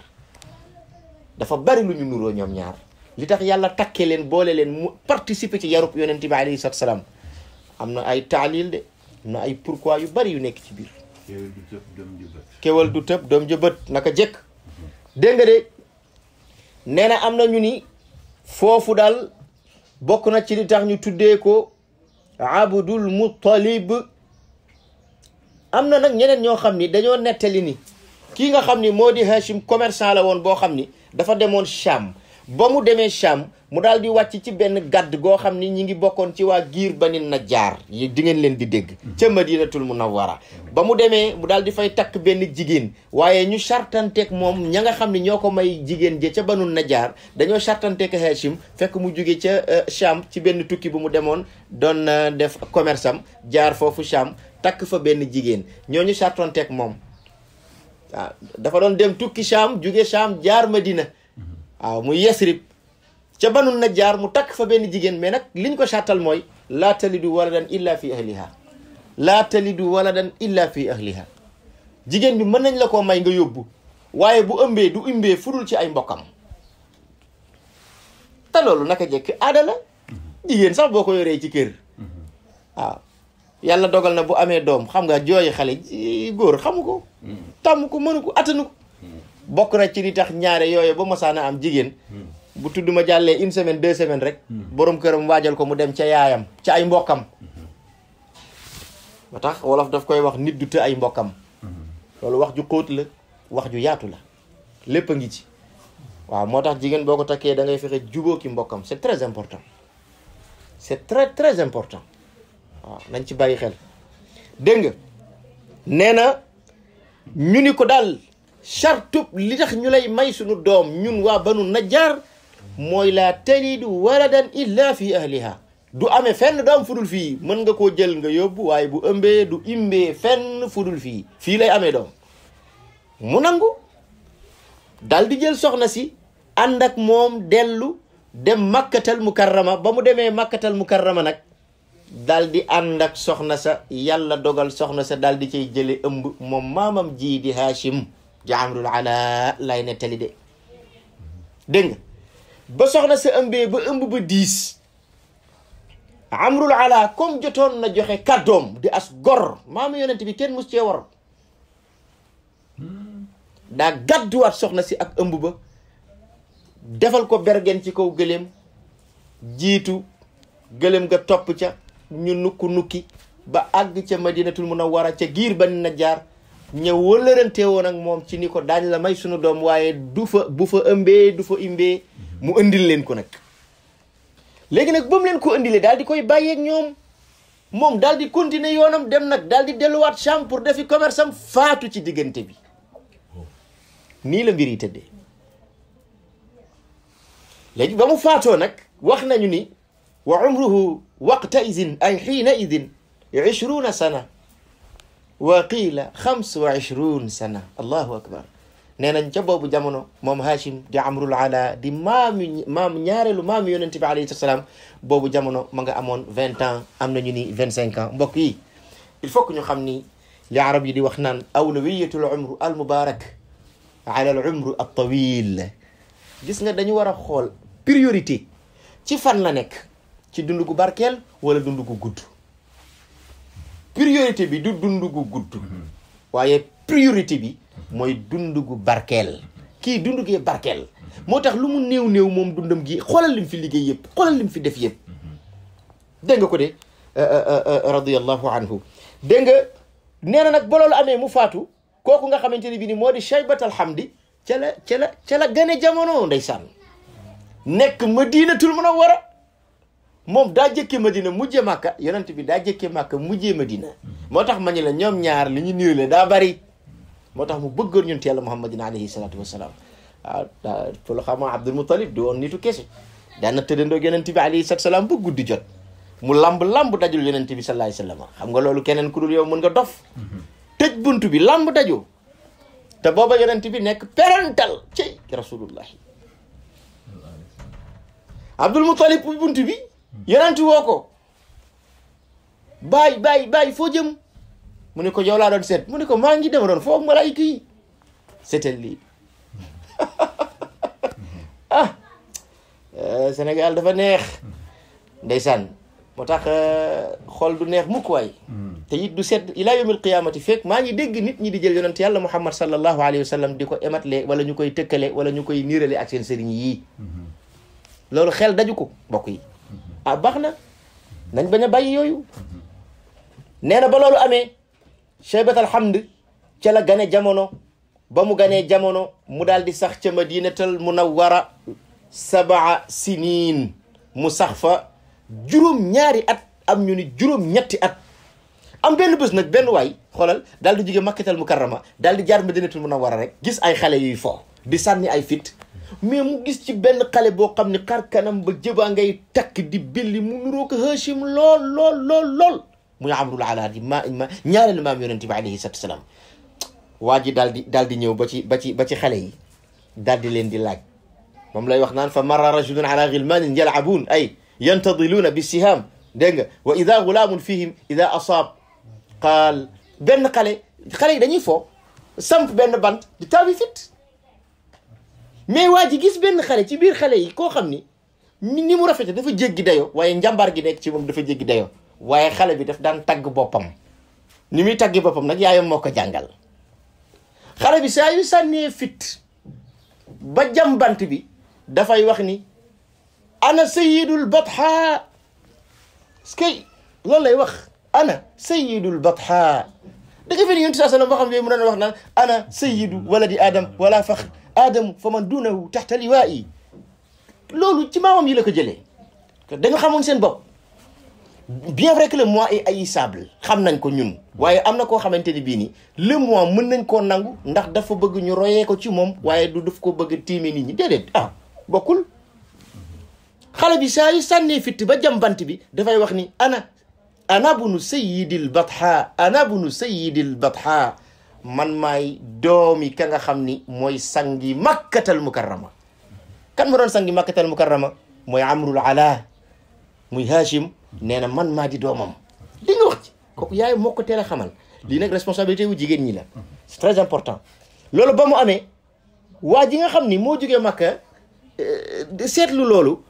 dafa bari lu ñu nuroo ñoom ñaar li tax yàlla takke leen boole leen mu participer ci yarub yonent bi alayhi salaatu salaam am na ay taalil de na ay pourquoi yu bari yu nekk ci biir. kewal du tëb doom jëbët. kewal du tëb jekk dégg de nee na am na ñu ni foofu daal bokk na ci li tax ñu tuddee ko Abdul Muttalib am na nag ñeneen ñoo xam ni dañoo nettali ni kii nga xam ni moo di Hachim commerçant la woon boo xam ni dafa demoon Cham. ba mu demee Cham mu daal di wàcc ci benn gàdd goo xam ni ñi ngi bokkoon ci waa giir Bani Najjaar jaar di ngeen leen di dégg mhm. ca Madinatul Munawwara mhm. ba mu demee mu daal di fay takk benn jigéen waaye ñu chartanteeg moom ña nga xam ne ñoo ko may jigéen ja ca Banu Najjaar dañoo chartanteeg Hachim fekk mu jóge ca euh, Cham ci benn tukki bu mu demoon doon euh, def commerce jaar foofu Cham takk fa benn jigéen ñooñu chartanteeg moom waaw dafa doon dem tukki sham jóge Cham jaar Madina waaw muy yesrib ca banu najjaar mu takk fa benn jigéen mais nag liñ ko sàttal mooy laa talidu waladan illa fi ahliha laa talidu waladan illa fi ahliha jigéen bi mën nañ la ko may nga yóbbu waaye bu ëmbee du ëmbee fudul ci ay mbokkam te loolu naka jekk aada la jigéen sax boo ko yoree ci kër waaw yàlla dogal na bu amee doom xam nga jooyi xale góor xamu ko tàmm ko mënu ko ko bokk na ci li tax ñaare yooyu ba mosaana am jigéen hmm. bu tudd ma jàllee une semaine deux semaines rek hmm. borom këram waajal ko mu dem ca yaayam ca ay mbokkam hmm. ba tax wolof daf koy wax nit du të ay mbokkam loolu wax ju xóot la wax ju yaatu la lépp a ngi ci waaw moo tax jigéen boo ko takkee da ngay fexe juboo ki mbokkam c'est très important c'est très très important waaw nañ ci bayi xel dégg nga nee na ñu ni ko daal chartub li ñu lay may sunu doom ñun waa banu najjar mooy laa talidu waladan illa fi ahliha du ame fenn doom fudul fii mën nga koo jël nga yóbbu waaye bu ëmbe du imbee fenn fudul fii fii lay amee doom mu nangu dal di jël soxna si ànd moom dellu dem makkatal mukarrama ba mu demee makkatal mukarrama nag daldi di soxna sa yàlla dogal soxna sa dal di cay jële ëmb moom maamam jii di Hashim jaamrul ala lay ne tali de dégg ba soxna si ëmbee ba ëmb ba diis amrul ala kom jotoon na joxe kàddoom di as gor maamu yonent bi kenn mus cee war daa gàdduwaat soxna si ak ëmb ba defal ko bergen ci kaw gëléem jiitu gëléem ga topp ca ñu nukku nukki ba àgg ca madinatul munawwara ca giir na jaar ñëw wëllërante woon ak moom ci ni ko daañ la may sunu doom waaye dufa fa bu fa ëmbee du fa imbee mu indil leen ko nag léegi nag ba leen ko indilee daal di koy bàyyeeg ñoom moom daal di continuer yoonam dem nag daal di delluwaat chambre pour defi commerce am faatu ci diggante bi nii la mbir yi tëddee léegi ba mu faatoo nag wax nañu ni wa umruhu waqta idin ay xiina idin ishruna sana وقيل خمس وعشرون سنة الله أكبر نانا نجبو بجامنو مام هاشم دي عمرو العلا دي مام مام نيارل مام يونتبي عليه الصلاة والسلام بو بجامنو مانغا أمون 20 عام أمنا نيني 25 عام بوكي الفوق نيو خمني لعرب يدي وخنان أولوية العمر المبارك على العمر الطويل جس نجد ورا خول بريوريتي تي فان لانك تي دندو باركيل ولا دندو كو priorité bi du dund gu gudd waaye priorité bi mooy dund gu barkeel kii dund gee barkeel moo tax lu mu néew néew moom dundam gi xoolal lim fi liggéey yëpp xoolal lim fi def yëpp dégg ko de euh, euh, euh, radiyallahu anhu dégg nga nee na nag ba loolu amee mu faatu kooku nga xamante ne bi ni moo di Shaybat al-Hamdi ca la ca la ca gane jamono ndeysaan nekk Madinatul Munawwara moom daa jëkkee Madina mujjee Màkka yonent bi daa jëkkee Màkka mujjee Madina moo tax ma ñu la ñoom ñaar li ñu niwle daa bari moo tax mu bëggoon ñun yàlla Muhammadin alayhi salaatu wasalaam waaw ah, pour la xam Abdul Muttalib di woon nitu kese daana tëddandoo yonent bi alayhi salaatu salaam ba guddi jot mu lamb lamb dajul yonent bi sallallahu alayhi wasallam xam nga loolu keneen ku dul nga dof bunt bi lamb daju booba yonent bi nekk parental ci rasulullahi Abdul Muttalib bu bunt bi yonantu woo ko bàyyi bàyyi bàyyi foo jëm mu ne ko yow doon seet mu ne ko maa ngi dem doon foo malaayika yi seetal lii ah eh, Sénégal dafa neex ndeysaan moo tax eh, xol du neex mukk waay hmm. te it du set ilaa yawmil qiyaamati fekk maa ngi dégg nit ñi di jël yonent yàlla Muhammad sallallahu alayhi wa sallam di ko ématle wala ñu koy tëkkale wala ñu koy niirale ak seen sëriñ yii hmm. loolu xel daju ko mbokk yi ah baax na nañ bañ a bàyyi yooyu nee na ba loolu amee cheybat alhamd ca la gane jamono ba mu ganee jamono mu daal di sax ca madinatal munawwara sabaa siniin mu sax fa juróom-ñaari at am ñu ni juróom-ñetti at am benn bés nag benn waay xoolal daal di jóge makkatal mukarrama daal di jaar madinatul munawwara rek gis ay xale yuy fo di sànni ay fit mais mu gis ci benn xale boo xam ne xar kanam ba jëba ngay takk di billi mu nuroo ko Hachim lool lool lool lool muy amrul ala di ma ma ñaareelu maam yonente bi alayhi salatu salaam waa ji daal di ñëw ba ci ba ci ba ci xale yi daldi di leen di laaj moom lay wax naan fa marra rajulun ala gilmanin yalabun ay yantadiluuna bi siham dégg nga wa ida gulaamun fihim ida asab qaal benn xale xale yi dañuy foo samp benn bant di taawi fit mais waa ji gis benn xale ci biir xale yi koo xam ni ni mu rafete dafa jéggi dayoo waaye njàmbaar gi nekk ci moom dafa jéggi dayoo waaye xale bi daf daan tagg boppam ni muy tagg boppam nag yaayam moo ko jàngal xale bi saa yu sànnee fit ba jàmbant bi dafay wax ni ana sayidul batha skay loolu lay wax ana sayidul batha da nga fi ne yonent saa sallam boo xam ne mu doon wax naan ana sayidu di adam wala faxr aadamu fa man duunahu waa liwaa'i loolu ci maamam yi la ko jëlee dañu xamoon seen bopp bien vrai que le moi est xam nañ ko ñun waaye am na koo xamante ni bii nii le moi mën nañ koon nangu ndax dafa bëgg ñu royee ko ci moom waaye du daf ko bëgg tiime nit ñi déedéet ah bokkul xale bi saa yu sànnee ba jam bi dafay wax ni ana ana bunu sayyidil batha ana bunu sayyidil batha man may domi ka nga xamni moy mooy sangi makkatal mukarrama kan mo don sangi makkatal mukarrama moy amrul ala moy hashim nenam man ma di domam li nga wax ci kooku yaay moko tele xamal li nak responsabilité wu jigen ñi la c'est très important lolu ba mu amé nga xamni mo makka de euh, setlu lolu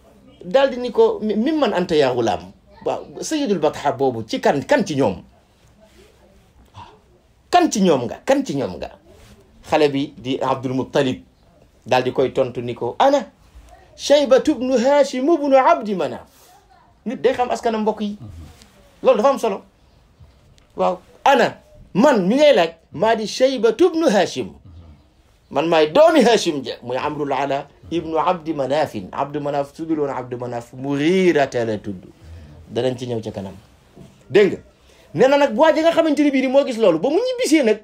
di ni ko mimman anta ya gulaam wa sayidul batha bobu ci kan kan ci ñom kan ci ñoom nga kan ci ñoom nga xale bi di abdul muttalib dal di koy tontu ni ko ana shaybatu ibn hashim ibn abd manaf nit day xam askanam mbokk yi lolou dafa am solo waaw ana man mi ngay laaj ma di shaybatu ibn hashim man may doomi hashim je muy amrul ala ibn abd manaf abd manaf tudul woon abdu manaf muriirata la tudd danañ ci ñëw ci kanam dégg nga nee na nag waa ji nga xamante ni bii ni moo gis loolu ba mu ñibbisee nag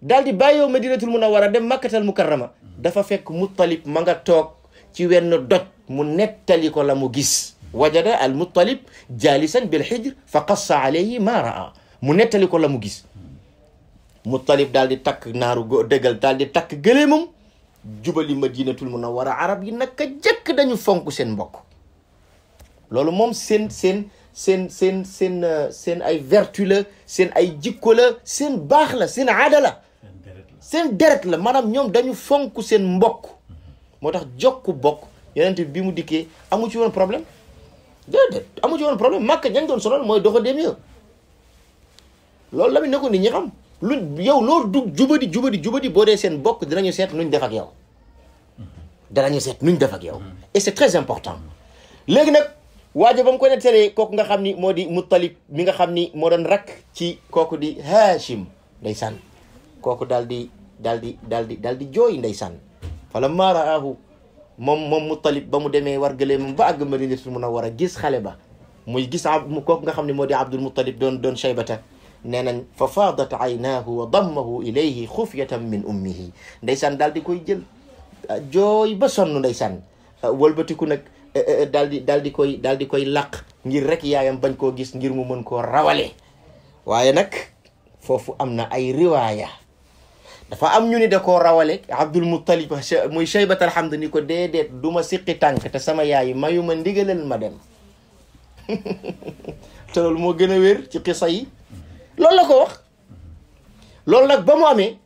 daal di bàyyoo madinatul munawara dem makkatal mukarrama dafa fekk muttalib ma nga toog ci wenn doj mu nettali ko la mu gis wajada al muttalib jaalisan bil hijr fa ma mu nettali ko la mu gis muttalib daal di takk naaru go dëggal daal di takk gëleemam jubali madinatul munawara arab yi naka jëkk dañu fonk seen mbokk loolu moom seen seen c'est seen seen euh, seen ay vertu la ay jikko la seen baax la seen aada la un deret la maanaam ñoom dañu fonk seen mbokk mhm. bi mu amu ci problème déedéet amu ci un problème màkk doon sonal mooy doxa mieux loolu la mu nekkoon ñi xam lu yow dinañu nuñ def ak yow mhm. mhm. et c'est très important léegi waajo ba mu ko nettalee kooku nga xam ni moo di muttalib mi nga xam ni moo doon rakk ci kooku di haashim ndeysaan kooku daal di daal di daal di daal di jooy ndeysaan falamma raahu moom moom muttalib ba mu demee war gëlee moom ba àgg madinatul munawwara gis xale ba muy gis kooku nga xam ne moo di abdul muttalib doon doon shaybata nee nañ fa faadat aynaahu wa dammahu ilayhi xufyatan min ummihi ndeysaan daal di koy jël jooy ba sonn ndeysaan wëlbatiku nag Eh, eh, daal di daal di koy daal di koy làq ngir rek yaayam bañ koo gis ngir mu mën koo rawale waaye nag foofu am na ay riwaaya dafa am ñu ni da koo rawale abdul muttalib muy cheybat alhamd ni ko déedéet du ma siqi tànk te sama yaay mayu ma ndigalal ma dem te loolu moo gën a wér ci xisa yi loolu la ko loolu nag ba mu amee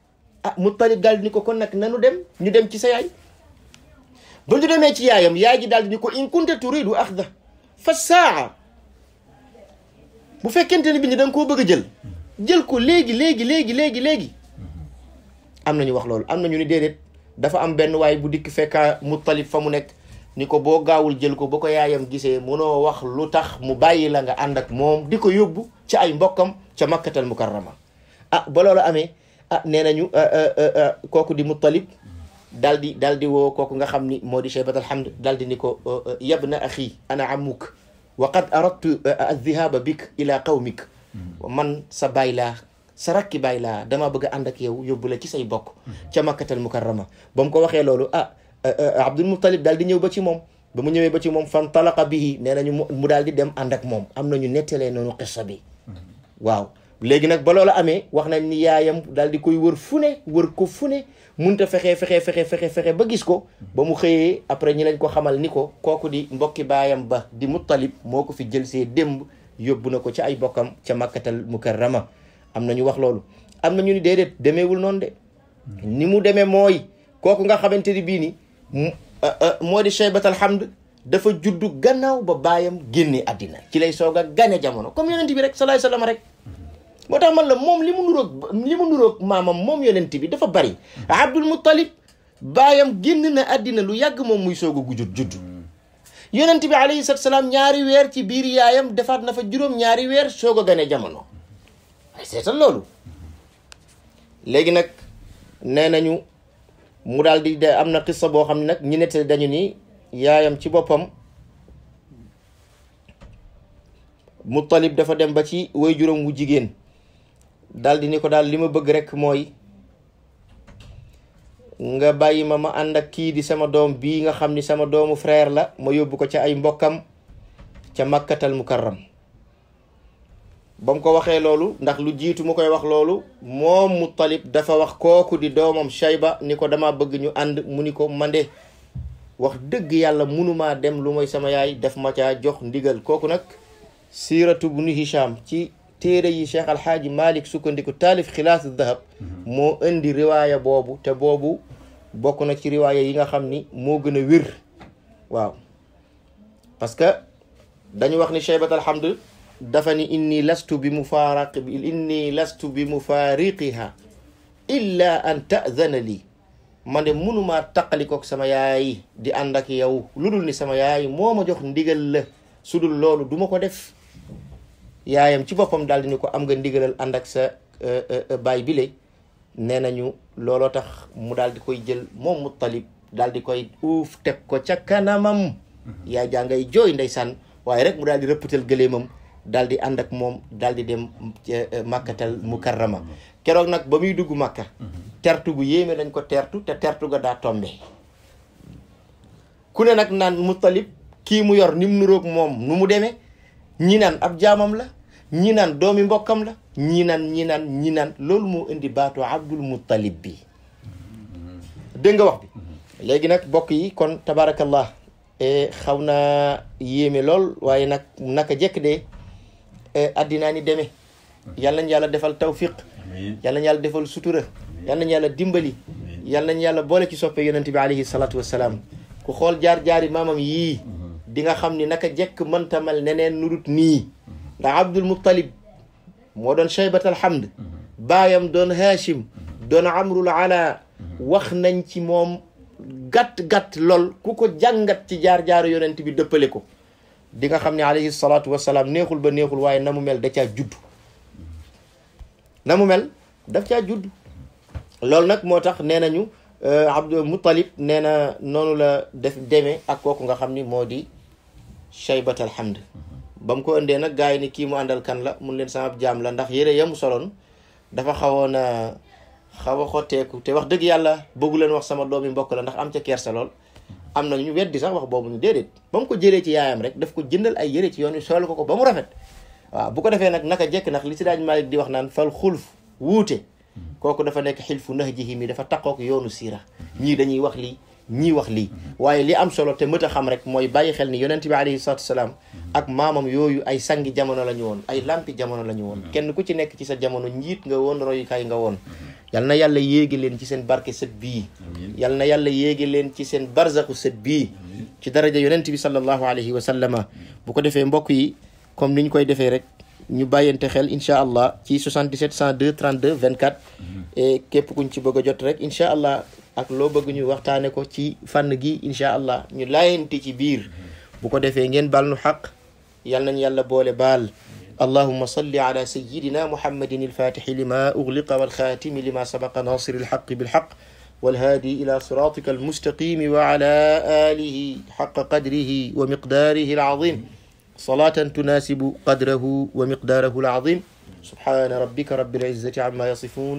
ah muttalib daal di ni ko kon nag nanu dem ñu dem ci sa yaay ba ñu demee ci yaayam yaay ji daal ni ko in kunta turidu axda fa saa bu fekkente ne bi ni da nga koo bëgg a jël jël ko léegi léegi léegi léegi léegi am nañu wax loolu am nañu ni déedéet dafa am benn waay bu dikk fekka Muttalib fa mu nekk ni ko boo gaawul jël ko ba ko yaayam gisee mënoo wax lu tax mu bàyyi langa nga ànd ak moom di ko yóbbu ci ay mbokkam ca makkatal mukarrama ah ba loolu amee ah nee nañu ah, ah, ah, kooku di Muttalib daal di daal di woo kooku nga xam ni moo di Cheybat alhamd daal di ni ko oh, oh, yabna axi ana amuk wa qad aradtu eh, eh, aldihaba bik ila qawmik mm-hmm. man sa baay laa sa rakki baay laa damaa bëgg ànd ak yow yóbbu la ci say bokk mm-hmm. ca makkatal mukarrama ba mu ko waxee loolu ah eh, abdul muttalib daal di ñëw ba ci moom ba mu ñëwee ba ci moom fan talaqa nee nañu mu daal di dem ànd ak moom am na ñu nettalee noonu qissa bi mm-hmm. waaw léegi nag ba loola amee wax nañ ni yaayam daal di koy wër fu ne wër ko fu ne munta fexe fexe fexe fexe fexe ba gis ko ba mu xëyee après ñi lañ ko xamal ni ko kooku di mbokki baayam ba di Muttalib moo ko fi jël see démb yóbbu na ko ci ay bokkam ca Makkatal Mukarrama am na ñu wax loolu am na ñu ni déedéet demewul noonu de ni mu demee mooy kooku nga xamante ni bii ni euh, euh, moo di xam Hamd dafa juddu gannaaw ba baayam génnee àddina ci lay soog a gane jamono comme yonent bi rek salaay salaam rek moo tax man la moom li mu nuroog maamam moom yonent bi dafa bari abdul muttalib baayam génn na àddina lu yàgg moom muy soog a gujut judd bi alayhi salaatu salaam ñaari weer ci biir yaayam defaat na fa juróom weer soog a gane jamono ay seetal loolu léegi nag nee nañu mu daldi de am na xissa boo xam ne nag ñi nette dañu ni yaayam ci boppam Muttalib dafa dem ba ci way juróom wu jigéen daldi ni ko daal li ma bëgg rekk mooy nga bàyyi ma ma ànd ak kii di sama doom bii nga xam ni sama doomu freer la ma yóbbu ko ca ay mbokkam ca màkkatal mukarram ba mu ko waxee loolu ndax lu jiitu mu koy wax loolu moom Muttalib dafa wax kooku di doomam Shayba ni ko dama bëgg ñu ànd mu ni ko mande wax dëgg yàlla munumaa dem lu mooy sama yaay def ma caa jox ndigal kooku nag siiratu bnu Hisham ci téere yi cheikh alhaaji malik sukkandiku taalif xilaasu dahab moo indi riwaaya boobu te boobu bokk na ci riwaaya yi nga xam ni moo gën a wér waaw parce que dañu wax ni cheybat alhamd dafa ni inni lastu bi mufaaraq inni lastu bi mufaariqiha illa an taadana lii man de munumaa taqalikook sama yaay di ànd ak yow lu dul ni sama yaay moo ma jox ndigal la su dul loolu duma ko def yaayam ci boppam daal di ni ko am nga ndigalal ànd ak sa euh, euh, euh, baay bi lay nee nañu looloo tax mu daal di koy jël moom Muttalib daal di koy uuf teg ko ca kanamam mhm. yaay jaa jooy ndey saan waaye rek mu daal di rëppatal gëleemam daal di ànd ak moom daal di dem màkkatal mukarrama mhm. keroog nag ba muy dugg màkka mhm. tertu bu yéeme lañ ko tertu te tertu ga daa tombe ku ne nag naan Muttalib kii mu yor ni mu nuroog moom nu mu demee ñi naan ab jaamam la ñi naan doomi mbokkam la ñi naan ñi naan ñi naan loolu moo indi baatu abdul muttalib bi dégg nga wax bi léegi nag mbokk yi kon tabarakallah e, xaw naa yéeme lool waaye nag naka jekk de e, addinaa ni demee yàlla nañ yàlla defal tawfiq yàlla nañ yàlla defal sutura yàlla nañ yàlla dimbali yàlla nañ yàlla boole ci soppe yonente bi alayhi salaatu wassalaam ku xool jaar jaari maamam yii mhm. di nga xamni ni naka jekk mënta mel neneen nurut ni da abdul muttalib moo doon cheybat alhamd bayam don hashim doon amrul ala wax nañ ci mom gat gat lol ku ko jàngat ci jaar jaar yonent bi deppele ko di nga xamni ne alayhi salaatu wasalaam neexul ba neexul waye namu mel da ca judd namu mel da ca judd lol nak motax tax abdul muttalib nee na noonu la def demee ak nga shaybat alhamd ba ko indee nag gars yi ni kii mu àndal kan la mun leen sama jaam la ndax yére yamu soloon dafa xawoon a xaw a xotteeku te wax dëgg yàlla bëggu leen wax sama doomi mbokk la ndax am ca kersa lool am na ñu weddi sax wax boobu ñu déedéet ba mu ko jëlee ci yaayam rek daf ko jëndal ay yére ci yoon wi solal ko ko ba mu rafet waaw bu ko defee nag naka jekk ndax li si daaj Malick di wax naan fal xulf wuute kooku dafa nekk xilfu nax ji mi dafa taqook yoonu siira ñii dañuy wax lii ñii wax lii waaye li am solo te mët a xam rek mooy bàyyi xel ni yonent bi alayhi salaatu salaam ak maamam yooyu ay sangi jamono la ñu woon ay lampi jamono la ñu woon mm-hmm. kenn ku ci nekk ci sa jamono njiit nga woon royukaay nga woon mm-hmm. yal na yàlla yéegi leen ci seen barke sët bii yal na yàlla yéegi leen ci seen barzaku sët bii ci daraja yonent bi sallallahu alayhi wa sallama bu ko defee mbokk yi comme ni ñu koy defee rek ñu bàyyante xel incha allah ci 77 102 32 24 et képp kuñ ci bëgg a jot rek incha allah ak loo bëgg ñu waxtaane ko ci fànn gi insha allah ñu laayante ci biir bu ko defee ngeen bal nu xaq yal nañ yàlla boole baal اللهم صل على سيدنا محمد الفاتح لما أغلق والخاتم لما سبق ناصر الحق بالحق والهادي إلى صراطك المستقيم وعلى آله حق قدره ومقداره العظيم صلاة تناسب قدره ومقداره العظيم سبحان ربك رب العزة عما يصفون